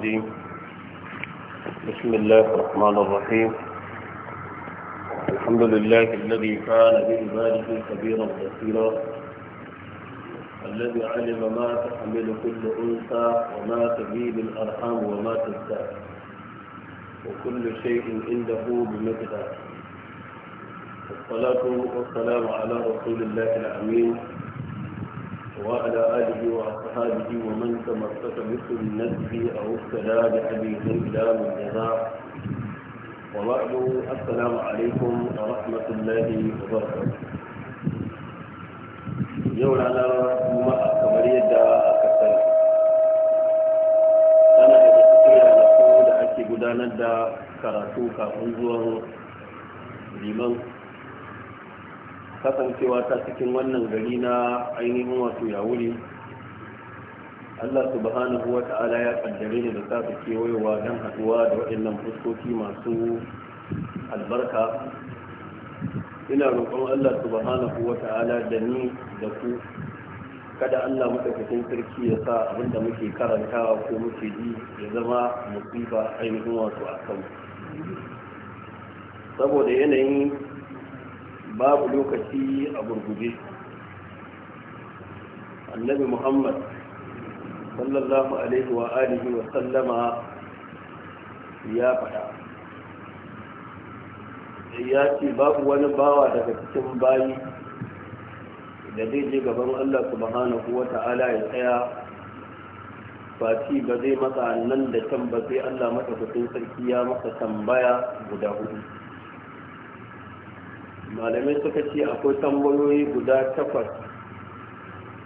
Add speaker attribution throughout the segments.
Speaker 1: الدين بسم الله الرحمن الرحيم الحمد لله الذي كان ذلك كبيرا بصيرا الذي علم ما تحمل كل انثى وما تبيد الارحام وما تزداد وكل شيء عنده بمقدار الصلاه والسلام على رسول الله الامين وعلى آله وأصحابه ومن تمسك بسنته أو اهتدى بحديث إلى من جزاء وبعد السلام عليكم ورحمة الله وبركاته yau ranar kuma kamar yadda aka sani tana daga cikin ranaku da ake gudanar da karatu kafin zuwan liman kasancewa ta cikin wannan gari na ainihin wato ya wuri Allah subhanahu wa ta'ala ya kaddare ni da sake kewayowa don haduwa da waɗannan fuskoki masu albarka ina roƙon Allah subhanahu wa ta'ala da ni da ku kada Allah madaukakin sarki ya sa abinda muke karantawa ko muke ji ya zama musiba ainihin wato a kanmu saboda yanayin babu lokaci a gurguje annabi muhammad sallallahu alaihi wa alihi wa sallama ya faɗa ya ce babu wani bawa daga cikin bayi da zai je gaban allah subhanahu wa ta'ala ya tsaya ci ba zai matsa nan da can ba sai allah maɗaukakin sarki ya masa tambaya guda hudu malamai suka ce akwai tambayoyi guda takwas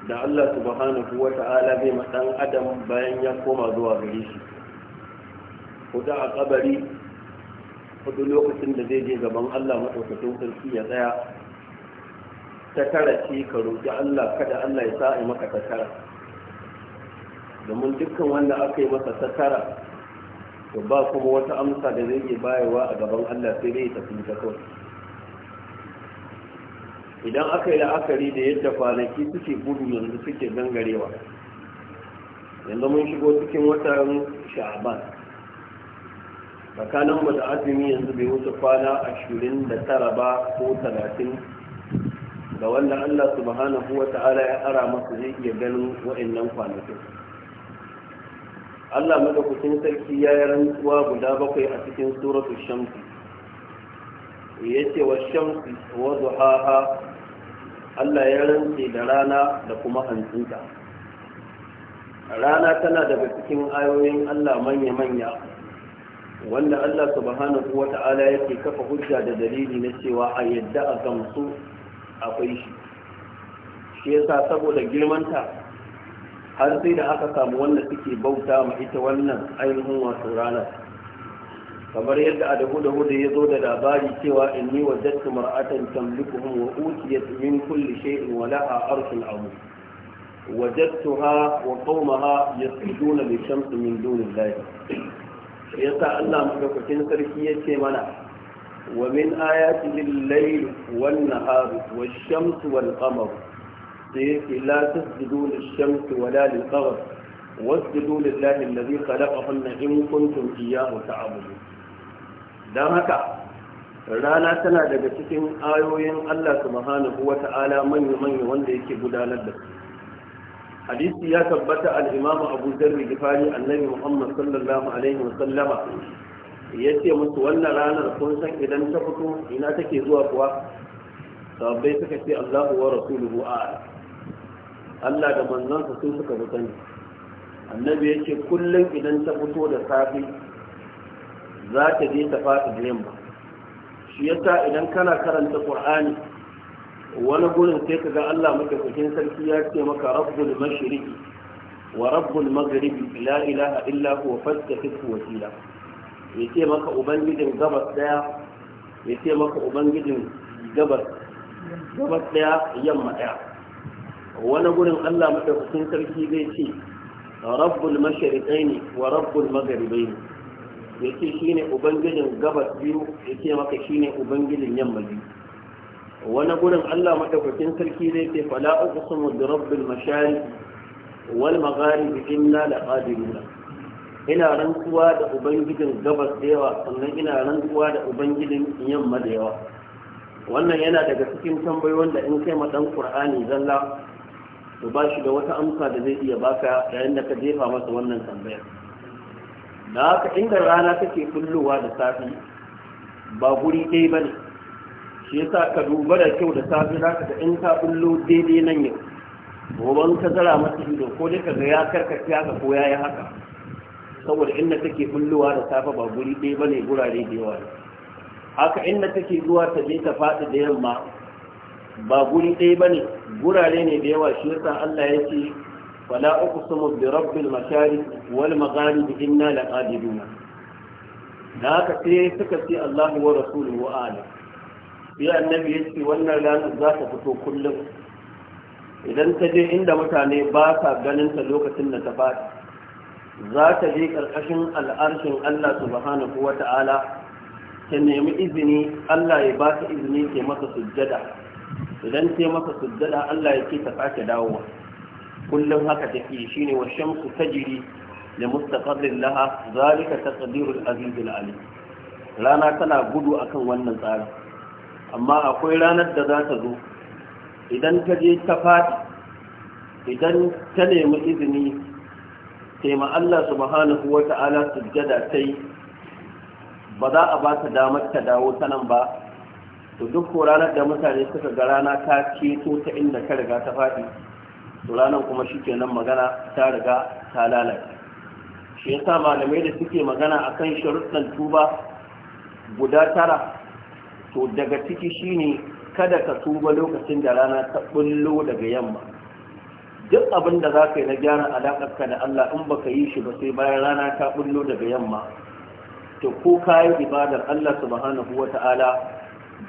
Speaker 1: da Allah subhanahu wa ta'ala bai dan adam bayan ya koma zuwa gare shi huda a kabari hudu lokacin da zai je gaban Allah maɗaukakin sarki ya tsaya ta tara ce ka roƙi Allah kada Allah ya sa a maka ta tara domin dukkan wanda aka yi masa ta tara to ba kuma wata amsa da zai iya bayarwa a gaban Allah sai dai ya tafi ta kawai idan aka yi la'akari da yadda kwanaki suke gudu yanzu suke gangarewa yanzu mun shigo cikin watan sha'aban tsakanin wata azumi yanzu bai wuce kwana ashirin da tara ba ko talatin da wanda allah subhanahu wa ta'ala ya ara masa zai iya ganin wa'annan kwanaki. allah madaukakin sarki ya yi rantsuwa guda bakwai a cikin suratul shamsi ya ce wa shamsi wa zuhaha Allah ya rantse da rana da kuma hantsinta rana tana daga cikin ayoyin Allah manya-manya wanda Allah subhanahu wa ta'ala yake kafa hujja da dalili na cewa a yadda a gamsu akwai shi shi yasa saboda girmanta har sai da aka samu wanda suke bauta ma ita wannan ainihin wasu ranar kamar yadda a dahu dahu da ya zo da labari cewa inni wajadtu mar'atan tamlikuhum wa utiyat min kulli shay'in wa laha arshun azim wajadtuha wa qaumaha yasjuduna li shamsi min dunillahi yasa Allah madaukakin sarki yace mana ومن آياته الليل والنهار والشمس والقمر لا تسجدوا للشمس ولا للقمر واسجدوا لله الذي خلقهن إن كنتم إياه تعبدون don haka rana tana daga cikin ayoyin Allah subhanahu wa ta'ala manya-manya wanda yake gudanar da su hadisi ya tabbata al-imam Abu Dharr Ghifari annabi Muhammad sallallahu alaihi wa sallama Ya ce musu wannan ranar kun san idan ta fito ina take zuwa kuwa sahabbai suka ce Allahu wa rasuluhu a'lam Allah da manzon sun suka mutane annabi ya ce kullum idan ta fito da safe. za ta je ta faɗi da yamma shi yasa idan kana karanta qur'ani wani gurin sai ka ga Allah madaukakin sarki ya ce maka rabbul mashriqi wa rabbul maghribi la ilaha illa huwa fastaqifu wasila ya ce maka ubangijin gabas daya ya ce maka ubangijin gabas gabas daya yamma daya wani gurin Allah madaukakin sarki zai ce rabbul mashriqaini wa rabbul maghribaini ya ce shi ne ubangijin gabas biyu ya ce maka shi ne ubangijin yamma biyu wani gudun allah madaukakin sarki zai ce fala uku sun wadda rabbin mashari wal magari da inna da ina rantsuwa da ubangijin gabas da yawa sannan ina rantsuwa da ubangijin yamma da yawa wannan yana daga cikin tambayoyin da in kai madan Kur'ani zalla to ba shi da wata amsa da zai iya baka yayin da ka jefa masa wannan tambayar da haka inda rana take kullowa da safi ba guri ɗaya ba ne shi yasa ka duba da kyau da safi za ka ga in ka kullo daidai nan yau goban ka zara masa ido ko dai ka ga ya karkace haka ko ya yi haka saboda inda take kullowa da safe ba guri ɗaya ba ne gurare da yawa ne haka inda take zuwa ta je ta faɗi da yamma ba guri ɗaya ba ne gurare ne da yawa shi yasa Allah ya ce فلا أقسم برب المشارق والمغارب إنا لقادرون ذاك سي سكتي الله ورسوله وآله في النبي يسي wannan لا zata فتو كله idan ta je inda mutane ba sa ganin ta lokacin da ta faɗi za ta je ƙarƙashin al'arshin Allah subhanahu wa ta'ala ta nemi izini Allah ya ba ta izini ke masa sujjada idan ta masa sujjada Allah ya ce ta sake dawowa kullum haka take shine wa shamsu tajri li mustaqarrin laha zalika taqdirul aziz alim rana tana gudu akan wannan tsari amma akwai ranar da za ta zo idan ta je ta fadi, idan ta nemi izini sai ma Allah subhanahu wa ta'ala sujjada ta yi ba za a ba ta damar ta dawo ta nan ba to duk ranar da mutane suka ga rana ta ceto ta inda ka riga ta fadi. to ranar kuma shi kenan magana ta riga ta lalace shi ya sa malamai da suke magana akan sharuɗan tuba guda tara to daga ciki shine kada ka tuba lokacin da rana ta bullo daga yamma duk abin da za ka yi na gyara alaƙarka da Allah in baka yi shi ba sai bayan rana ta bullo daga yamma to ko ka yi ibadar Allah subhanahu wa ta'ala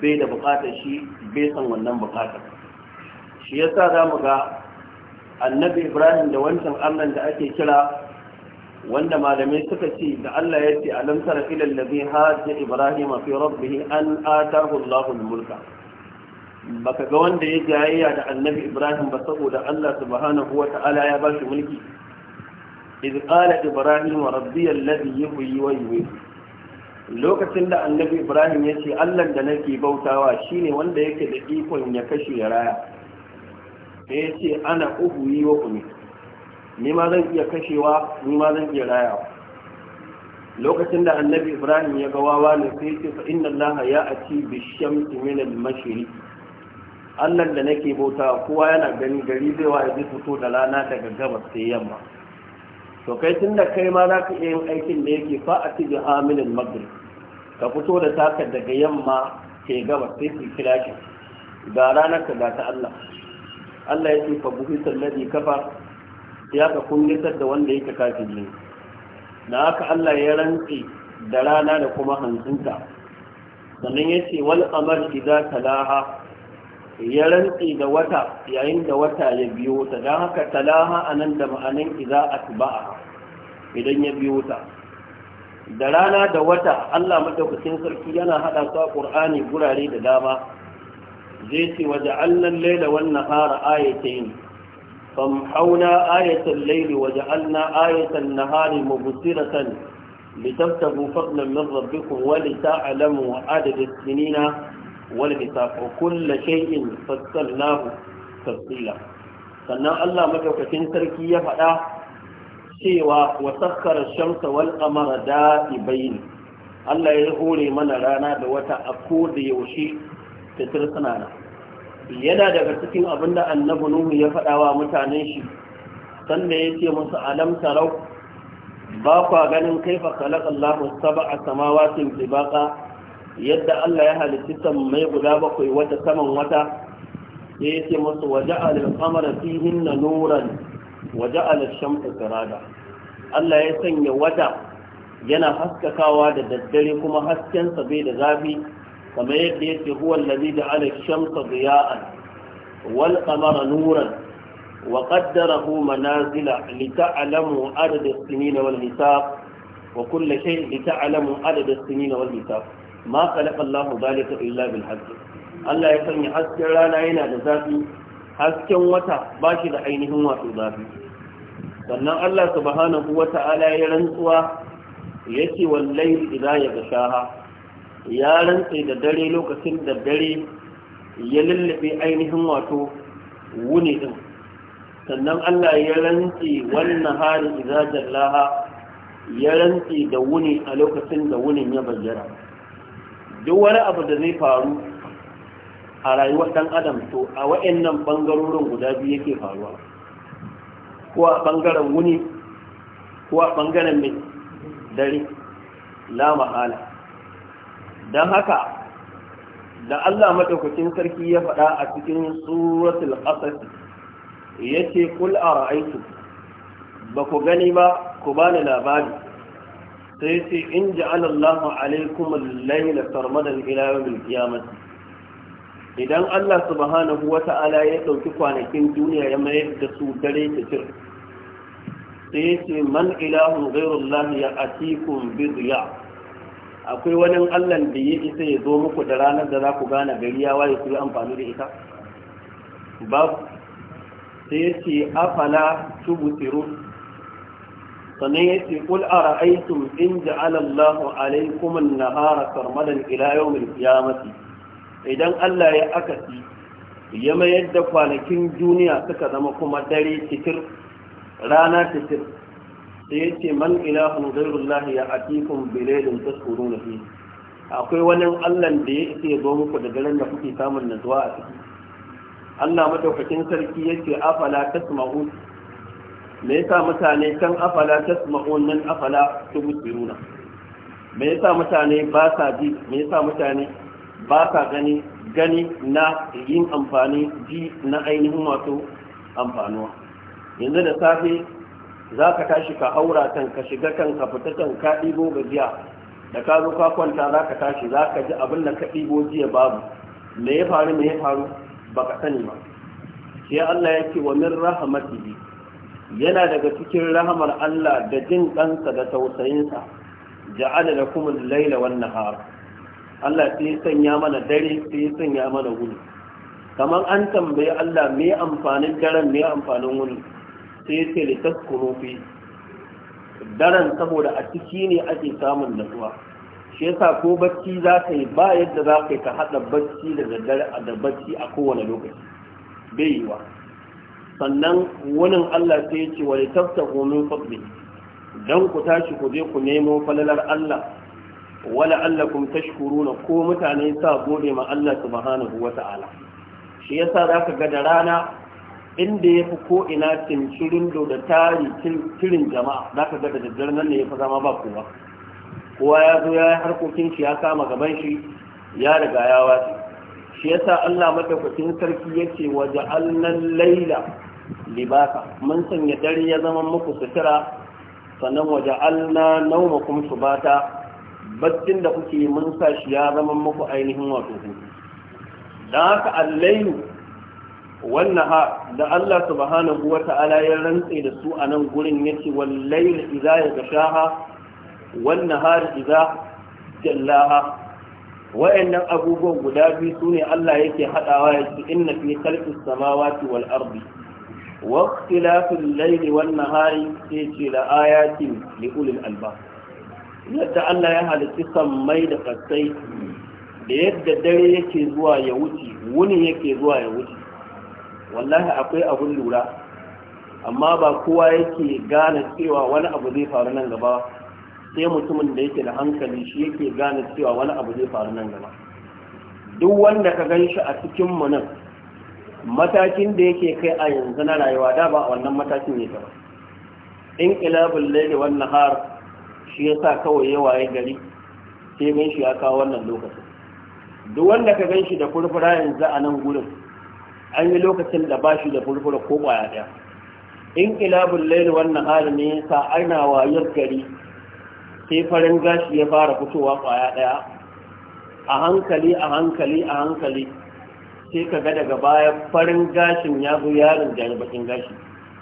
Speaker 1: bai da buƙatar shi bai san wannan buƙatar shi yasa za mu ga annabi ibrahim da wancan allah da ake kira wanda malamai suka ce da allah ya ce alam tara ilal ladhi hajja ibrahim fi rabbih an atahu allah mulka baka ga wanda ya jayayya da annabi ibrahim ba saboda allah subhanahu ta'ala ya ba shi mulki idh qala ibrahim rabbi alladhi yuhyi wa yumiitu lokacin da annabi ibrahim ya ce allah da nake bautawa shine wanda yake da ikon ya kashe ya raya da ya ce ana uku yi wa kuni ni ma zan iya kashewa ni ma zan iya raya lokacin da annabi ibrahim ya ga wawa ne sai ce fa inna allaha ya ati bi shamsi min al allah da nake bauta kowa yana gani gari zai wa zai fito da rana daga gabas sai yamma to kai tun da kai ma za ka iya yin aikin da yake fa a cikin aminin ka fito da taka daga yamma ke gabas sai su kira ki ga ranar ka ga ta allah Allah ya ce fa buhisar ladhi kafar ya ka kungitar da wanda yake kafiri na haka Allah ya rantsi da rana da kuma hantsinta sannan ya ce wal qamar idza talaha ya rantsi da wata yayin da wata ya biyo ta don haka talaha anan da ma'anin idza atba'a idan ya biyo ta da rana da wata Allah madaukakin sarki yana hada su a Qur'ani gurare da dama zai ce waje allan laila wannan hara ayatayin famhauna ayatan laili waje alna ayatan nahari mubusiratan litabtagu fadlan min rabbikum wa lita'lamu adad as-sinina wal hisab wa kull shay'in fassalnahu tafsila sannan Allah madaukakin sarki ya faɗa cewa wa sakkara shamsa wal qamara da'ibain Allah ya hore mana rana da wata a ko yaushe fitir suna nan yana daga cikin abin da annabi nuhu ya faɗa wa mutanen shi sanda ya ce musu alam tarau ba kwa ganin kaifa khalaqa Allahu sab'a samawatin baka? yadda Allah ya halitta sammai guda bakwai wata saman wata sai ya ce musu "Waje al-qamara fihinna nuran waje ash-shamsa sirada Allah ya sanya wata yana haskakawa da daddare kuma haskensa bai da zafi kamar yadda yake huwa allazi da Alex shamsa diya'an wal qamara nuran wa qaddarahu manazila lita'lamu adada as na wal hisab wa kullu shay'in lita'lamu adada as na wal hisab ma khalaqa Allahu dhalika illa bil haqq Allah ya sanya hasken rana yana da zafi hasken wata ba shi da ainihin wato zafi sannan Allah subhanahu wa ta'ala ya rantsuwa yake wallahi idza yaghshaha ya rantse da dare lokacin da dare ya lullube ainihin wato wuni din sannan Allah ya rantse wannan hari da Laha ya rantse da wuni a lokacin da wunin ya bayyana duk wani abu da zai faru a rayuwar ɗan adam to a wayannan bangarorin guda biyu yake faruwa ko a ɓangaren wuni ko a bangaren mai dare la mahala don haka da Allah madaukakin sarki ya faɗa a cikin suratul qasas yace kul ara'aytu ba ku gani ba ku bani labari sai sai in ja'ala Allah alaikum al-layla sarmadan ila yawmil qiyamah idan Allah subhanahu ta'ala ya dauki kwanakin duniya ya mayar da su dare ta cir sai yace man ilahu ghayru Allah ya atikum bi dhiya akwai wani allah da ya isa ya zo muku da ranar da za ku gane gari ya waye ku yi amfani da ita babu sai ya ce afala tubu siru sannan ya ce kul a ra'aitun in ja'ala allahu alaikumun nahara sarmadan ila yau mai kiyamati idan allah ya akasi ya mayar da kwanakin duniya suka zama kuma dare titir rana titir sai ya ce man ilahun gairullahi ya atikun bilailin tasuru na fi akwai wani allan da ya isa ya zo muku da garin da kuke samun nazuwa a ciki allah madaukakin sarki ya ce afala tasma'u me yasa mutane kan afala tasma'u nan afala tubsiruna me yasa mutane ba sa ji me yasa mutane ba sa gani gani na yin amfani ji na ainihin masu amfanuwa yanzu da safe za ka tashi ka aura kan ka shiga kan ka fita kan ka ɗibo gajiya da ka zo ka kwanta za ka tashi za ka ji abin da ka ɗibo jiya babu me ya faru me ya faru ba ka sani ba sai Allah ya ce wa min rahmatihi yana daga cikin rahamar Allah da jin ɗansa da tausayinsa ja'ala lakum al-laila wan nahar Allah sai ya sanya mana dare sai ya sanya mana wuni kamar an tambayi Allah me amfanin daren me amfanin wuni sai ce da taskunu daren saboda a ciki ne ake samun natsuwa shi yasa ko bacci za ka yi ba yadda za ka yi ka haɗa bacci da daddare da bacci a kowane lokaci bai yi wa sannan wani Allah sai ya ce wa tafta taftahu min fadli ku tashi ku je ku nemo falalar Allah wala allakum na ko mutane sa gode ma Allah subhanahu wata'ala shi yasa zaka ga da rana inda ya fi ko ina cincirin da tari cirin jama'a za ka ga da daddare nan ne ya fi zama ba kowa kowa ya zo ya yi harkokin shi ya kama gaban shi ya riga ya wasu shi yasa Allah madaukakin sarki yace wa ja'alnal laila libasa mun sanya dare ya zama muku sutura sannan waje alna nauma bata baccin da kuke mun sa shi ya zama muku ainihin wato da haka allayu wannan ha da Allah subhanahu wa ta'ala ya rantse da su a nan gurin yace wallahi idza ya ha wannan har idza jallaha wa'annan abubuwan guda biyu sune Allah yake hadawa yace inna fi khalqis samawati wal ardi wa ikhtilafil layli wan nahari ce la ayatin li ulil albab yadda Allah ya halitta sammai da kasai da yadda dare yake zuwa ya wuce wuni yake zuwa ya wuce wallahi akwai abun lura amma ba kowa yake gane cewa wani abu zai faru nan gaba sai mutumin da yake da hankali shi yake gane cewa wani abu zai faru nan gaba duk wanda ka gan shi a cikin mu nan matakin da yake kai a yanzu na rayuwa da ba wannan matakin ne ba in kilabul laili wan nahar shi yasa kawai yawa ya gari sai gan shi ya kawo wannan lokacin duk wanda ka gan shi da furfura yanzu a nan gurin an yi lokacin da ba shi da furfura ko kwaya ɗaya in kilabun laili wannan hali ne sa ana wayar gari sai farin gashi ya fara fitowa ƙwaya ɗaya a hankali a hankali a hankali sai ka ga daga baya farin gashin ya bu yarin da ya bakin gashi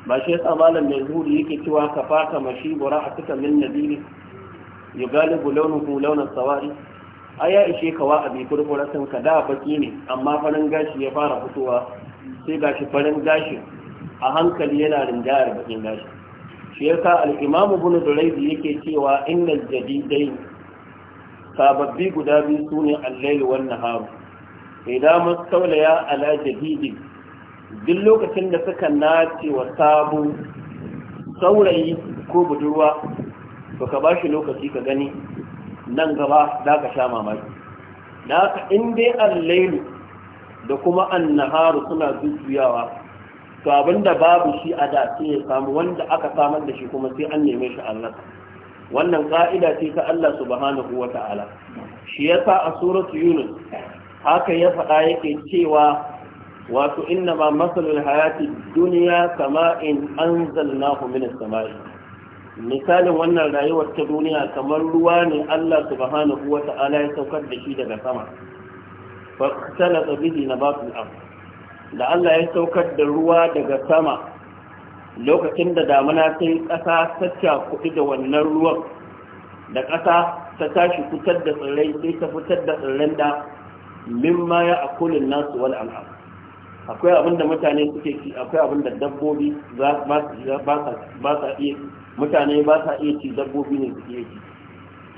Speaker 1: ba shi yasa malam mai zuri yake cewa ka fata mashi bura a cikin min nadiri ya galibu launin ku launin sawari a ya ishe ka wa kurkura sun ka da baki ne amma farin gashi ya fara fitowa sai ga shi farin gashi a hankali yana rinjayar bakin gashi shi yasa al'imamu imam ibn yake cewa innal jadidai sababbi guda biyu sune al-layl wan nahar idan mastawlaya ala jadidi duk lokacin da suka nace wa sabu saurayi ko budurwa to ka ba shi lokaci ka gani nan gaba za ka sha mamaki da haka in dai allailu da kuma annaharu suna jujjuyawa to abinda babu shi a da sai ya samu wanda aka samar da shi kuma sai an neme shi Allah wannan ka'ida ce ta Allah subhanahu wa ta'ala shi yasa a suratu yunus haka ya faɗa yake cewa wato inna ma masalul hayati duniya kama in anzalnahu minas sama'i misalin wannan rayuwar ta duniya kamar ruwa ne Allah subhanahu wa ta'ala ya saukar da shi daga sama fa tala bihi nabatul ard da Allah ya saukar da ruwa daga sama lokacin da damuna ta yi ƙasa ta cakuɗi da wannan ruwan da ƙasa ta tashi fitar da tsirrai sai ta fitar da tsirran da mimma ya akulin nasu wal an'am akwai abin da mutane suke ci akwai abin da dabbobi ba sa iya mutane ba sa iya ci dabbobi ne suke ci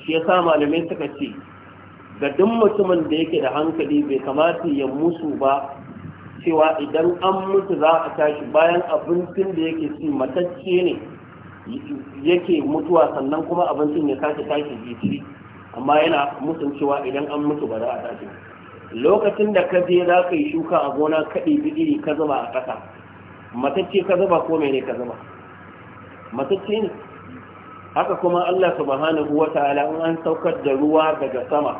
Speaker 1: shi ya sa malamai suka ce ga duk mutumin da yake da hankali bai kamata ya musu ba cewa idan an mutu za a tashi bayan abincin da yake ci matacce ne yake mutuwa sannan kuma abincin ya sake tashi jikiri amma yana musun cewa idan an mutu ba za a tashi lokacin da ka je za ka yi shuka a gona kaɗi iri ka zuba a ƙasa matacce ka zuba ko mene ka zuba matacce ne haka kuma Allah subhanahu wa ta'ala in an saukar da ruwa daga sama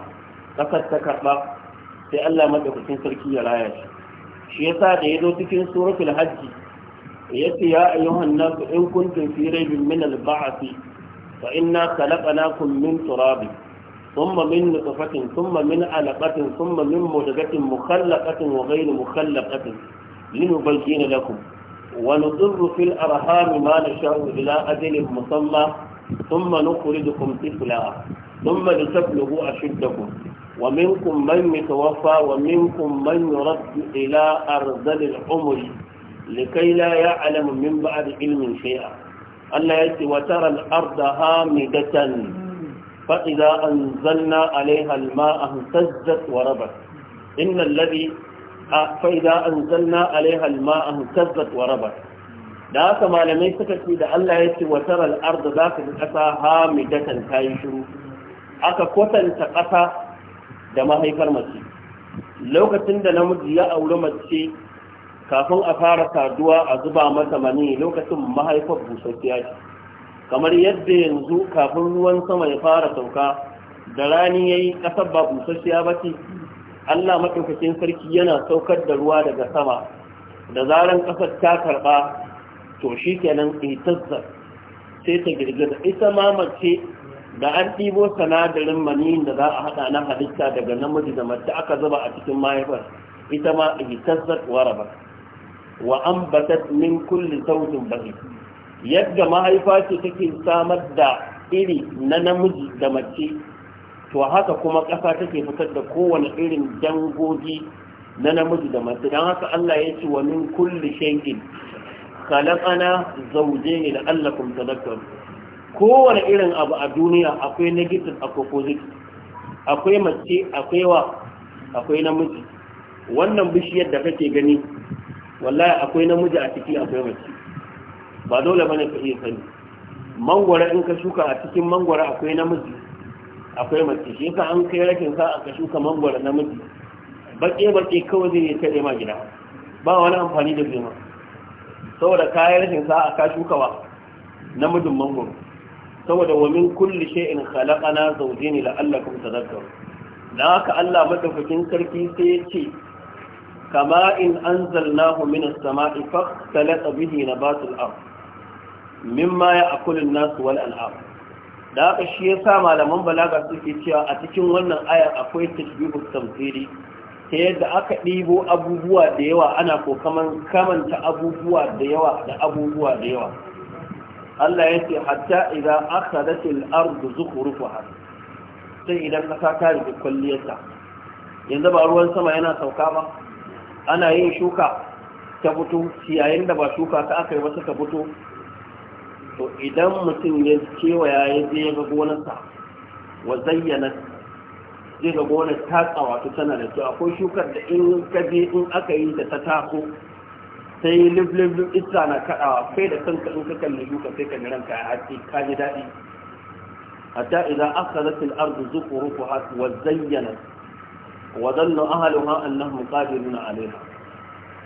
Speaker 1: ƙasar ta karɓa sai Allah madaukakin sarki ya raya shi shi yasa da ya zo cikin suratul hajji yace ya ayyuhan nasu in kuntum fi raibin min al-ba'thi fa inna khalaqnakum min turabin ثم من نطفة ثم من علقة ثم من مدغة مخلقة وغير مخلقة لنبين لكم ونضر في الأرهام ما نشاء إلى أجل مسمى ثم نخرجكم طفلا ثم لتبلغوا أشدكم ومنكم من يتوفى ومنكم من يرد إلى أرذل العمر لكي لا يعلم من بعد علم شيئا الله يأتي وترى الأرض هامدة فإذا أنزلنا عليها الماء اهتزت وربت إن الذي فإذا أنزلنا عليها الماء اهتزت وربت da haka malamai suka ce da Allah ya ce watar al'arda za ka ji ƙasa hamidatan ta yi shiru aka kwatanta ƙasa da mahaifar mace lokacin da namiji ya auri mace kafin a fara saduwa a zuba mata mani lokacin mahaifar busasshiya ce kamar yadda yanzu kafin ruwan sama ya fara sauka da rani ya yi ƙasar ba busasshiya ba ce allah maɗaukacin sarki yana saukar da ruwa daga sama da zaran ƙasar ta karɓa to shi kenan itazzar sai ta girgiza ita ma mace da an ɗibo sanadarin maniyin da za a haɗa na halitta daga namiji da mace aka zuba a cikin mahaifar ita ma itazzar waraba wa ambatat min kulli sautin bari yadda mahaifa ce take samar da iri na namiji da mace to haka kuma ƙasa take fitar da kowane irin dangogi na namiji da mace don haka Allah ya ce wa min kulli shay'in khalaqana zawjayn la'allakum tadhakkarun kowane irin abu a duniya akwai negative akwai positive akwai mace akwai wa akwai namiji wannan bishiyar da kake gani wallahi akwai namiji a ciki akwai mace ba dole bane ka iya sani mangwara in ka shuka a cikin mangwara akwai namiji akwai mace shi ka an kai rakin sa aka shuka mangwara namiji baƙe baƙe kawai zai ta ma gida ba wani amfani da zai saboda kayan rashin sa aka shuka ba? namijin mangwaro saboda wa min kulli shay'in khalaqana zawjayn la'allakum tadhakkarun dan haka Allah madaukakin sarki sai ya ce kama in anzalnahu minas sama'i fakhtalata bihi nabatul ardh mimma ya akulun nasu wal al'am da haka shi ya sa malaman balaga suke cewa a cikin wannan ayar akwai tasbihu tamthili ta yadda aka ɗibo abubuwa da yawa ana ko kaman kamanta abubuwa da yawa da abubuwa da yawa Allah ya ce hatta idza akhadat al-ardu zukhrufaha sai idan kasa ta rike kulliyarta yanzu ba ruwan sama yana sauka ba ana yin shuka ta fito yayin da ba shuka ta aka yi ba ta fito to idan mutum ya cewa ya je ga gonarsa wa zayyana zai ga gonar ta tsawatu tana da kyau akwai shukar da in ka in aka yi da ta taso sai liblib isa na kaɗawa kai da kanka in ka kalli shukar sai ka ranka ya haske ka ji daɗi hatta idan aka zafin arzu zukuru ku hasu wa zayyana wa zannu ahaluha annahum qadiruna alaiha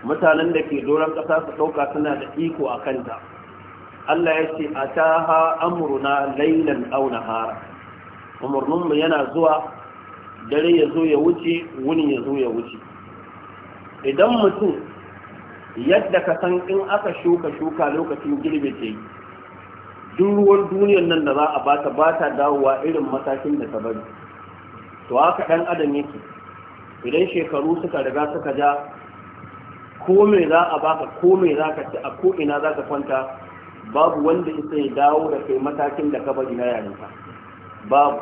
Speaker 1: mutanen da ke doron ƙasa su ɗauka suna da iko a kanta Allah ya ce a ta ha amuruna lailan auna hara umarninmu yana zuwa dare ya zo ya wuce wuni ya zo ya wuce idan mutum yadda ka san in aka shuka shuka lokacin girbe ce duk ruwan duniyar nan da za a bata ba ta dawowa irin matakin da ta bari to haka ɗan adam yake idan shekaru suka riga suka ja ko me za a baka ko me za ka ci a ko ina za ka kwanta babu wanda isa ya dawo da kai matakin da ka bari na yarinka babu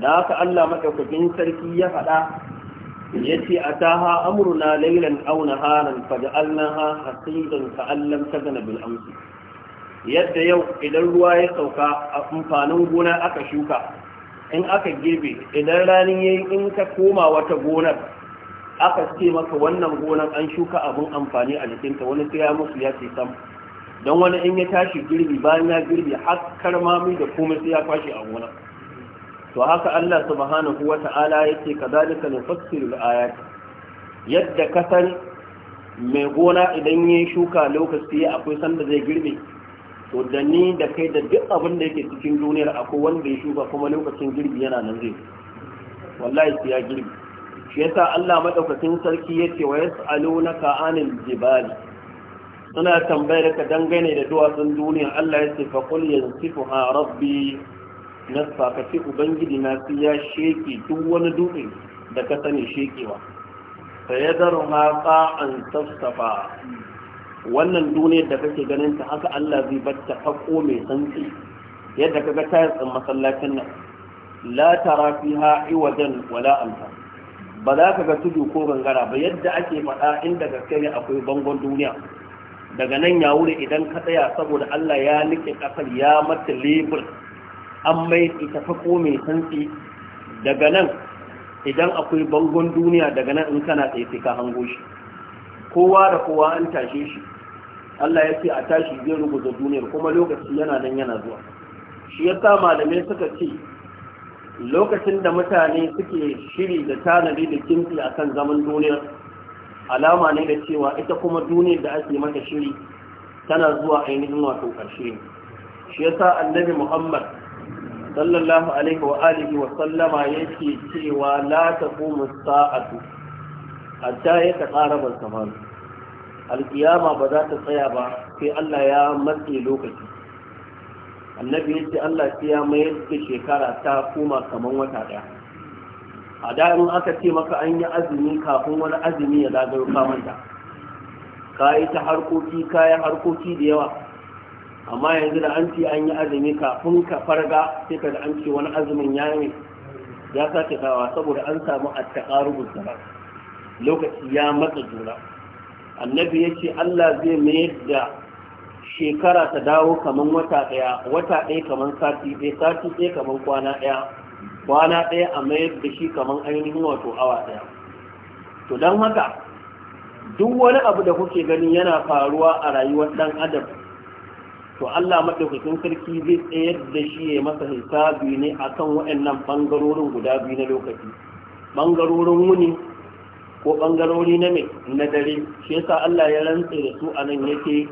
Speaker 1: da haka Allah madaukakin sarki ya faɗa ya ce a taha amurna lailan au naharan faja'alnaha hasidan ka'allam tagana bil amsi yadda yau idan ruwa ya sauka a amfanin gona aka shuka in aka girbe idan ranin yi in ka koma wata gonar aka ce maka wannan gonar an shuka abin amfani a jikinta wani sai ya musu ya ce sam don wani in ya tashi girbi bayan ya girbi har mai da komai sai ya kwashi a gona to haka Allah subhanahu wata'ala ta'ala yake kazalika ne al-ayat yadda ka mai gona idan ya shuka lokaci akwai sanda zai girbi? to da da kai da duk abin da yake cikin duniyar akwai wanda ya shuka kuma lokacin girbi yana nan zai wallahi sai ya girbi shi yasa Allah madaukakin sarki yake wa yas'alunaka anil jibali suna tambayar ka dangane da duwatsun duniya Allah ya ce faƙul yansifu ha rabbi na sakaci ubangiji na su ya sheke duk wani dutse da ka sani shekewa sai ya zaro ha tsa'an sassafa wannan duniyar da kake ganin ta haka Allah zai batta haƙo mai santsi yadda kaga tayatsin masallacin nan la tara fiha iwajan wala amsa ba za ka ga tudu ko gangara ba yadda ake faɗa inda gaske ne akwai bangon duniya daga nan ya wuri idan ka tsaya saboda Allah ya nike kasar ya mata lebur an mai ita ko mai santsi daga nan idan akwai bangon duniya daga nan in kana tsaye sai ka hango shi kowa da kowa an tashe shi Allah ya ce a tashi zai rubuta duniyar kuma lokaci yana nan yana zuwa shi ya sa malamai suka ce lokacin da mutane suke shiri da tanadi da kimfi akan zaman duniyar alama ne da cewa ita kuma duniyar da ake mata shiri tana zuwa ainihin wato ƙarshe shi yasa annabi muhammad sallallahu alaihi wa alihi wa sallama yake cewa la taqumu sa'atu hatta ya taqaraba zaman alkiyama ba za ta tsaya ba sai Allah ya matse lokaci annabi yace Allah sai ya mayar da shekara ta koma kaman wata daya a dain aka ce maka an yi azumi kafin wani azumi ya zagayo kamanta ka yi ta harkoki ka yi harkoki da yawa amma yanzu da an ce an yi azumi kafin ka farga sai ka da an ce wani azumin ya yi ya sake kawa saboda an samu a taƙarubun zara lokaci ya matsa juna annabi ya ce allah zai mayar da shekara ta dawo kamar wata ɗaya wata ɗaya kamar sati ɗaya sati ɗaya kamar kwana ɗaya kwana ɗaya a mayar da shi kamar ainihin wato awa ɗaya to don haka duk wani abu da kuke gani yana faruwa a rayuwar ɗan adam to Allah maɗaukakin sarki zai tsayar da shi ya masa hisabi ne a kan waɗannan ɓangarorin guda biyu na lokaci ɓangarorin wuni ko ɓangarori na mai na dare shi yasa Allah ya rantse da su a nan yake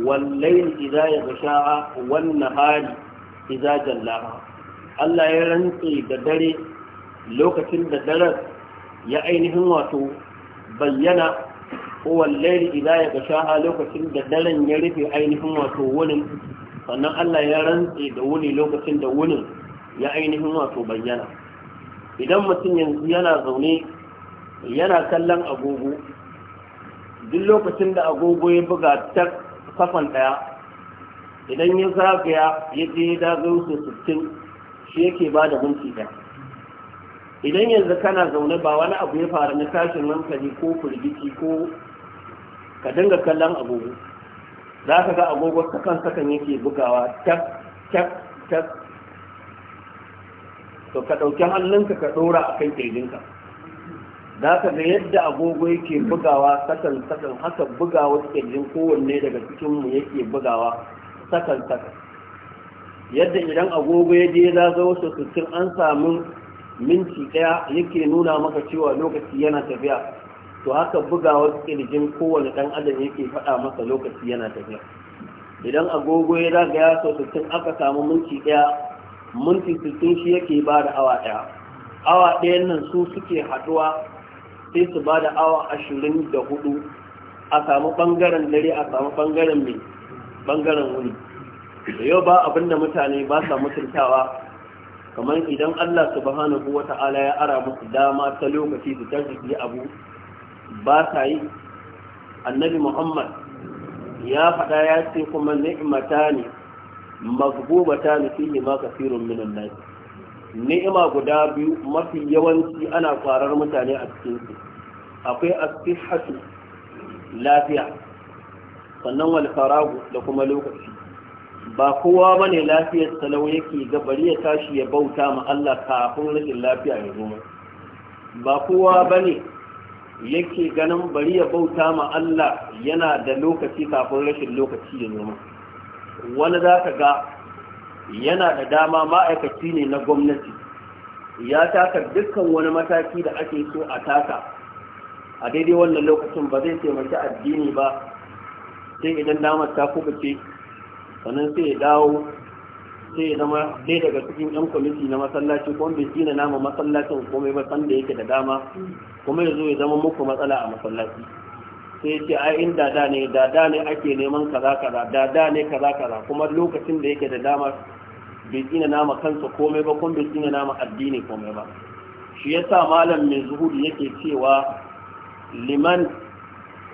Speaker 1: wallai idza yaghsha wan nahari idza jallaha Allah ya rantse da dare lokacin da daren ya ainihin wato bayyana kowan laili idan ya a lokacin da daren ya rufe ainihin wato wunin sannan Allah ya rantse da wuni lokacin da wunin ya ainihin wato bayyana idan mutum yanzu yana zaune yana kallon agogo duk lokacin da agogo ya buga ta kafan daya idan ya zagaya ya je ya dago 60 shi yake ba da gunki ɗaya idan yanzu kana zaune ba wani abu ya faru na tashin hankali ko firgici ko ka dinga kallon agogo za ka ga agogo sakan sakan yake bugawa tak tak tak to ka ɗauki hannunka ka ɗora a kan kirjinka za ka ga yadda agogo yake bugawa sakan sakan haka bugawa kirjin kowanne daga cikinmu yake bugawa sakan sakan yadda idan agogo ya je za zo wasu an samu minti ɗaya yake nuna maka cewa lokaci yana tafiya to haka bugawar kirjin kowane ɗan adam yake faɗa masa lokaci yana tafiya idan agogo ya daga ya so sittin aka samu minti ɗaya minti sittin shi yake ba da awa ɗaya awa ɗayan nan su suke haɗuwa sai su ba da awa ashirin da hudu a samu ɓangaren dare a samu ɓangaren mai ɓangaren wuni yau ba abinda mutane ba sa mutuntawa kamar idan Allah subhanahu wa ta'ala ya ara musu dama ta lokaci su tarzi su abu ba sa yi annabi Muhammad ya faɗa ya ce kuma ni'imata ne maghbubata ne fihi ma kasirun minan nas ni'ima guda biyu mafi yawanci ana kwarar mutane a cikin su akwai asihatu lafiya sannan wal faragu da kuma lokaci ba kowa bane lafiyar salau yake gabari ya tashi ya bauta ma Allah kafin rashin lafiya ya zo ba kowa bane yake ganin bari ya bauta ma Allah yana da lokaci kafin rashin lokaci ya zo wani za ka ga yana da dama ma'aikaci ne na gwamnati ya taka dukkan wani mataki da ake so a taka a daidai wannan lokacin ba zai taimaki addini ba sai idan damar ta kuka ce sannan sai ya dawo sai ya zama dai daga cikin yan kwamiti na masallaci ko wanda shi na nama masallacin komai ba sanda yake da dama kuma ya zo ya zama muku matsala a masallaci sai ya ce ai in dada ne dada ne ake neman kaza kaza dada ne kaza kaza kuma lokacin da yake da dama bai tsina nama kansa komai ba kuma bai tsina nama addini komai ba shi ya sa malam mai zuhuri yake cewa liman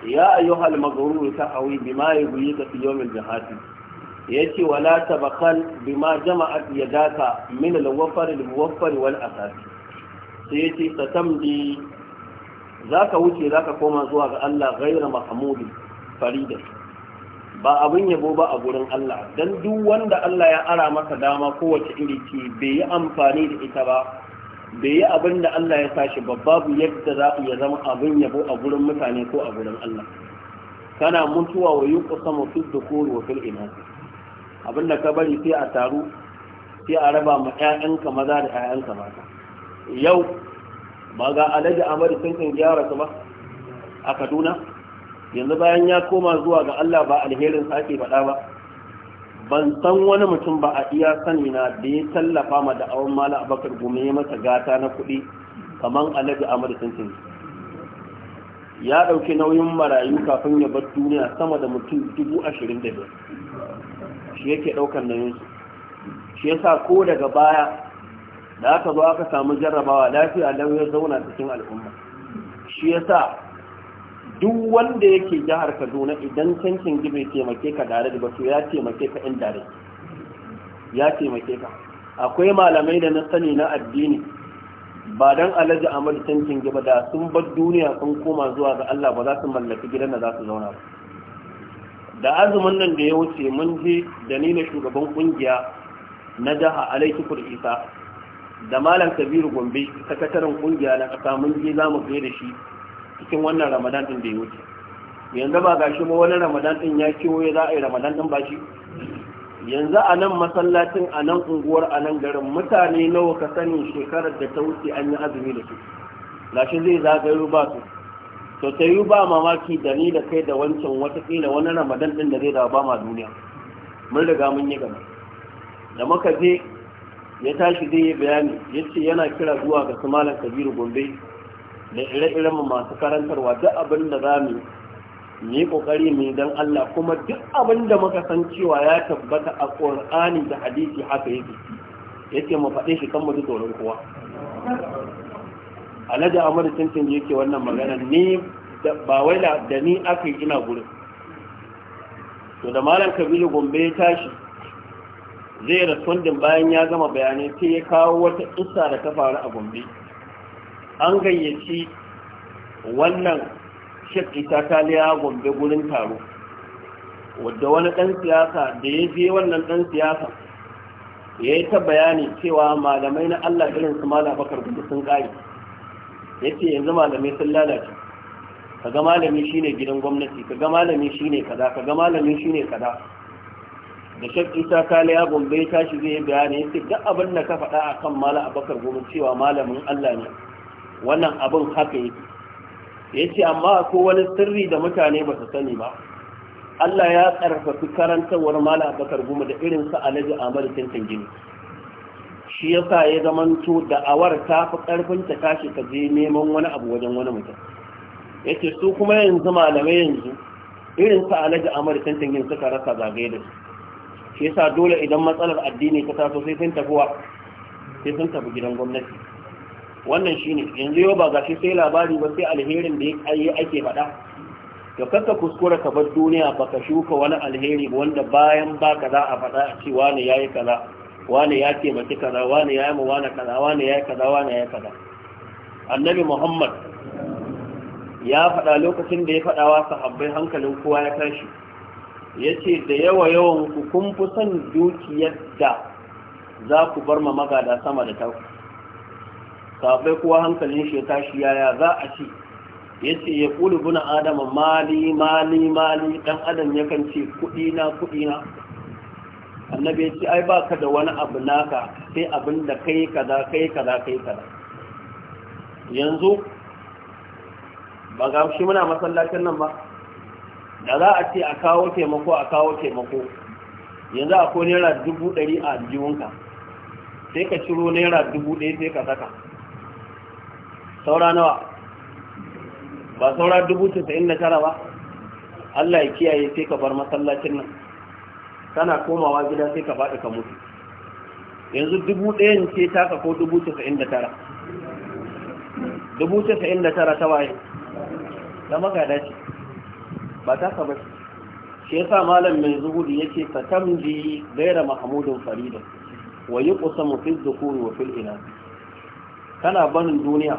Speaker 1: ya ayyuhal magrur ta hawi bima yughyi ka fi yawmil jihad yace wala ta tabakal bima jama'at yadaka min al-wafar al-muwaffar wal asas sai ta satamdi zaka wuce zaka koma zuwa ga Allah ghayra mahmudi farida ba abin yabo ba a gurin Allah dan duk wanda Allah ya ara maka dama kowace iri ce bai yi amfani da ita ba bai yi abin da Allah ya tashi babu yadda za ku ya zama abin yabo a gurin mutane ko a gurin Allah kana mutuwa wa yuqsamu fi dhukur wa fil inas abinda ka bari sai a taru sai a raba ma 'ya'yanka maza da 'ya'yanka mata yau ba ga alaji amari sun gyara su ba a kaduna yanzu bayan ya koma zuwa ga allah ba alherin sake faɗa ba ban san wani mutum ba a iya sani na da ya tallafa ma da awon mala abakar gume ya masa gata na kuɗi kamar alaji amari sun ya ɗauki nauyin marayu kafin ya bar duniya sama da mutum dubu ashirin da biyar shi yake ɗaukar nayin su shi yasa ko daga baya da aka zo aka samu jarrabawa lafiya lau ya zauna cikin al'umma shi yasa duk wanda yake jihar Kaduna idan cancin gibe taimake ka da ba to ya taimake ka in dare ya taimake ka akwai malamai da na sani na addini ba don alaji amal cancin gibe da sun bar duniya sun koma zuwa ga Allah ba za su mallaki gidan da za su zauna ba da azumin nan da ya wuce mun je da ni na shugaban kungiya na jaha alaiki isa da malam kabiru gombe sakataren kungiya na kasa mun je za mu da shi cikin wannan ramadan din da ya wuce yanzu ba ga shi ba wani ramadan din ya kiwo ya za a yi ramadan din ba shi yanzu a nan masallacin a nan unguwar a nan garin mutane nawa ka sani shekarar da ta wuce an yi azumi da su gashi zai zagayo ba su to ta yi ba mamaki da ni da kai da wancan watakila wani ramadan din da zai da ba ma duniya mun riga mun yi gaba da muka je ya tashi zai yi bayani ya ce yana kira zuwa ga su malam kabiru gombe da ire-iren masu karantarwa duk abin da za mu yi kokari mu don Allah kuma duk abin da muka san cewa ya tabbata a ƙorani da hadisi haka yake yake mu faɗe shi kan mutu tsoron kowa alhaji amur tuntun yake wannan magana ni ba wai da ni aka yi ina gurin to da malam kabilu gombe ya tashi zai rasundin bayan ya gama bayanai sai ya kawo wata isa da ta faru a gombe an gayyaci wannan shek isa taliya gombe gurin taro wadda wani ɗan siyasa da ya je wannan ɗan siyasa ya yi ta bayani cewa malamai na allah irin su malam bakar gudu sun ƙari Ya ce yanzu malamai sun lalace Ka ga malami shine gidan gwamnati Ka ga malami shine kaza ga malami shine kaza da shek isa kale ya gombe ta tashi zai bayani ce, duk abin da ka faɗa akan malam abakar gomin cewa malamin Allah ne wannan abin haka yake ce, amma ko wani sirri da mutane ba su sani ba Allah ya karfafi karantarwar malam abakar goma da irin sa alhaji Ahmad Tintin Gini shi yasa ya zamanto awar ta fi karfin ta tashi ka je neman wani abu wajen wani mutum yace su kuma yanzu malamai yanzu irin sa alaji amar tantan suka rasa zagaye da su shi yasa dole idan matsalar addini ta taso sai sun tafi sai sun tafi gidan gwamnati wannan shine yanzu yau ba gashi sai labari ba sai alherin da ya ake faɗa da kanka kuskura ka bar duniya baka shuka wani alheri wanda bayan baka za a faɗa a cewa ne yayi kaza wani ya mace kaza wani ya yi mu wani kaza wani ya yi kaza wani ya yi kaza annabi muhammad ya faɗa lokacin da ya faɗa wa sahabbai hankalin kowa ya tashi ya ce da yawa yawan ku kun fi son dukiyar da za ku bar ma magada sama da taku sahabbai kowa hankalin shi ya tashi yaya za a ci. ya ce ya ƙulu buna adama mali mali mali ɗan adam yakan ce kuɗi na kuɗi annabi ce ai ba ka da wani abu naka sai abin da kai kaza kai kaza kai kaza yanzu ba ga shi muna masallacin nan ba da za a ce a kawo taimako a kawo taimako yanzu a ko naira dubu ɗari a jiwunka sai ka ciro naira dubu ɗaya sai ka saka saura nawa ba saura dubu casa'in da tara ba Allah ya kiyaye sai ka bar masallacin nan kana komawa gida sai ka faɗi ka mutu yanzu dubu ɗayan ce taka ko dubu casa'in da tara dubu casa'in da tara ta waye ta maka dace. ba ta ka bace shi yasa malam mai zuhudi yake fatamji gaira mahamudin farida wa yi yuqsamu fi dhukuri wa fil ina kana barin duniya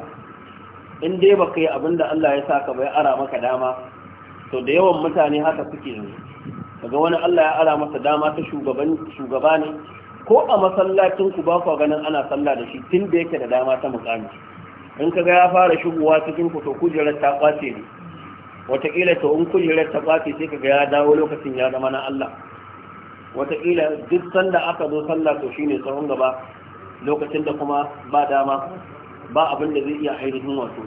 Speaker 1: in dai baka yi abinda Allah ya ka bai ara maka dama to da yawan mutane haka suke yanzu Daga wani Allah ya ara masa dama ta shugaba ne ko a masallacin ku ba ku ganin ana salla da shi tun da yake da dama ta mukami in kaga ya fara shigowa cikin ku to kujerar ta kwace ne wataƙila to in kujerar ta kwace sai kaga ya dawo lokacin ya zama na Allah wataƙila duk sanda aka zo salla to shine tsohon gaba lokacin da kuma ba dama ba abin da zai iya ainihin wato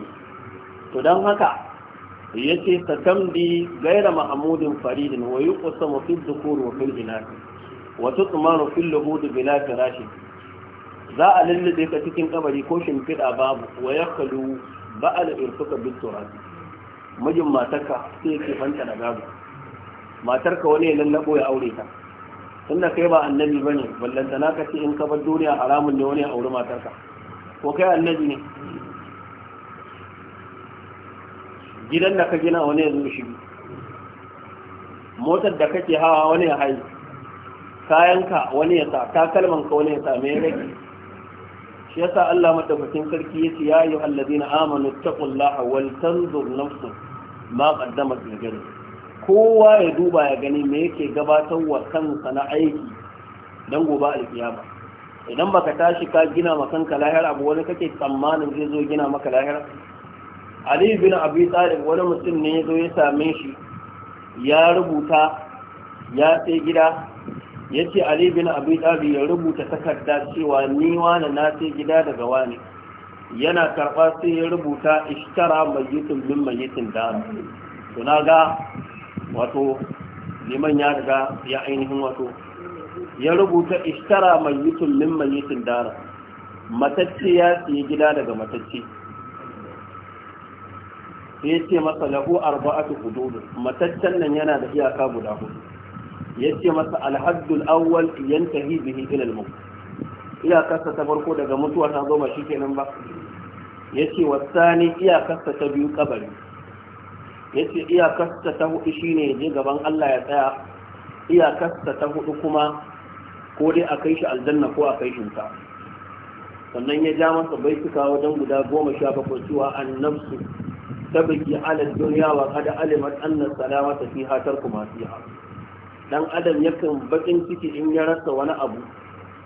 Speaker 1: to don haka ka tambi gaira Mahamudin faridin wa kusa mafi zukuru wa fil inath wa tutmaru fil lahudu bila firashi za a lullube ka cikin kabari ko shimfiɗa babu wa yakalu ba'al irfuka bit turab mijin matarka sai ke fanta da gado matarka wani ya lallabo ya aure ta da kai ba annabi ba ne ballanta ka ce in ka bar duniya haramun ne wani ya aure matarka ko kai annabi ne gidan da ka gina wani ya zo shi motar da kake hawa wani ya hai kayanka wani ya sa ka wani ya sa mai rage shi yasa Allah madaukakin sarki yace ya ayu alladina amanu taqullaha wal tanzur nafsun ma qaddamat lil kowa ya duba ya gani me yake gabatar wa kansa na aiki dan gobe alkiyama idan baka tashi ka gina ma kanka lahira abu wani kake tsammanin zai zo gina maka lahira Ali bin Abi Talib wani mutum ne ya zo ya same shi ya rubuta ya ce gida ya ce Ali bin Abi Talib ya rubuta takarda cewa ni wani na ce gida daga wani yana karɓa sai ya rubuta ishtara mayyitin min mayyitin da to na ga wato liman ya riga ya ainihin wato ya rubuta ishtara mayyitin min mayyitin da matacce ya tsaye gida daga matacce ya ce masa lahu arba'atu hudud mataccen nan yana da iyaka guda hudu ya ce masa alhaddul awwal yantahi bihi ila al-maut iyakarsa ta farko daga mutuwa ta zo ba shikenan ba ya ce wasani iyakarsa ta biyu kabari ya ce iyakarsa ta hudu shine ya je gaban Allah ya tsaya iyakarsa ta hudu kuma ko dai a kai shi aljanna ko a kai shi ta sannan ya ja masa baituka wajen guda goma sha bakwai cewa annabsu tabaki ala duniya wa kada alimat annan salamata fi hatar kuma fiha dan adam yakan bakin ciki in ya rasa wani abu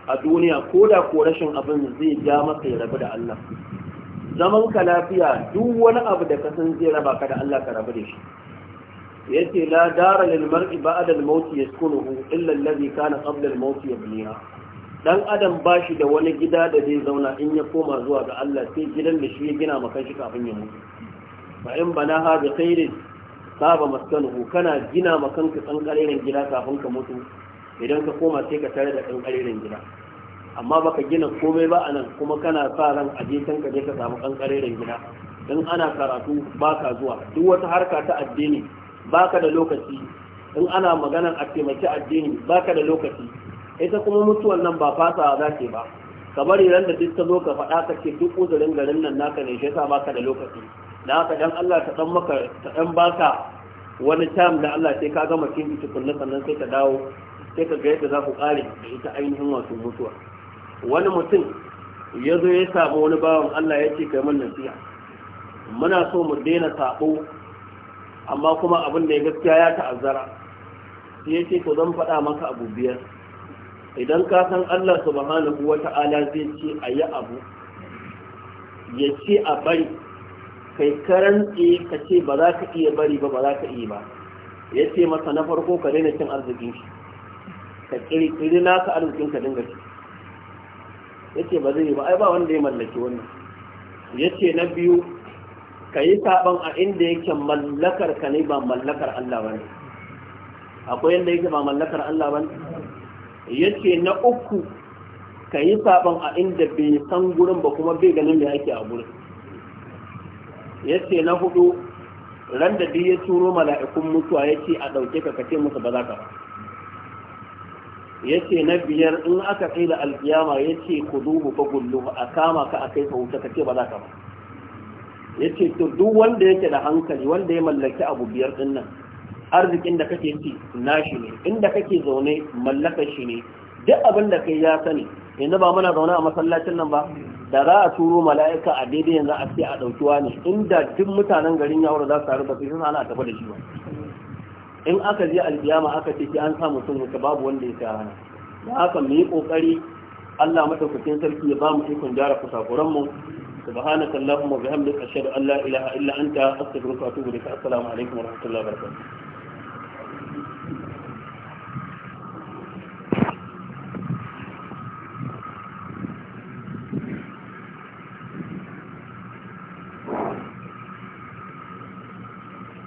Speaker 1: a duniya ko da ko rashin abin zai ja masa ya rabu da Allah zaman ka lafiya duk wani abu da ka san zai raba ka da Allah ka rabu da shi yace la dara lil mar'i ba'da al maut yaskunuhu illa alladhi kana qabla al maut yabniha dan adam ba shi da wani gida da zai zauna in ya koma zuwa ga Allah sai gidan da shi ya gina maka shi kafin ya mutu fa in banaha bi khairin saba maskanuhu kana gina ma kanka kankariren gida kafin ka mutu idan ka koma sai ka tare da kankariren gida amma ka gina komai ba a nan kuma kana sa ran a je can ka je ka samu kankariren gida in ana karatu ka zuwa duk wata harka ta addini ka da lokaci in ana maganar a taimaki addini ka da lokaci ita kuma mutuwan nan ba fasa za ke ba ka bari ran da duk ta zo ka faɗa ka ce duk uzurin garin nan naka ne shi yasa ka da lokaci da haka dan Allah ta dan maka ta dan baka wani tam da Allah sai ka gama kin tukunna sannan sai ka dawo sai ka ga yadda za ku kare da ita ainihin wato mutuwa wani mutum ya zo ya samu wani bawan Allah ya ce kai min nasiha muna so mu daina saɓo, amma kuma abin da ya gaskiya ya ta'azzara sai ya ce ko zan faɗa maka abu biyar idan ka san Allah subhanahu wata'ala zai ce a abu ya ce a bari kai karantse ka ce ba za ka iya bari ba ba za ka iya ba ya ce masa na farko ka daina cin arzikin shi ka kirkiri naka arzikin ka dinga ci ya ce ba zai yi ba ai ba wanda ya mallaki wannan ya ce na biyu ka yi saɓon a inda yake mallakar ka ne ba mallakar Allah ba ne akwai yadda yake ba mallakar Allah ba ne ya ce na uku ka yi saɓon a inda bai san gurin ba kuma bai ganin da ake a gurin yace na hudu ran da ya turo mala'ikun mutuwa yace a dauke ka kace musu ba za ka ba yace na biyar in aka kai da alkiyama yace kuduhu ba gullu a kama ka akai ka wuta kace ba za ka ba yace to duk wanda yake da hankali wanda ya mallaki abu biyar din nan arzikin da kake ci shi ne inda kake zaune mallakar shi ne duk abin da kai ya sani yanzu ba muna zaune a masallacin nan ba da za a turo mala'ika a daidai yanzu a ce a ɗauki ne inda duk mutanen garin yawon za su taru ba su yi ana tafi da shi ba in aka je alƙiyama aka ce an sa mutum wuce babu wanda ya tsaya hana da haka mu yi ƙoƙari Allah madaukakin sarki ya ba mu ikon gyara kusakuran mu subhanaka allahumma wa bihamdika ashhadu an la ilaha illa anta astaghfiruka wa atubu ilaik assalamu alaikum wa rahmatullahi wa barakatuh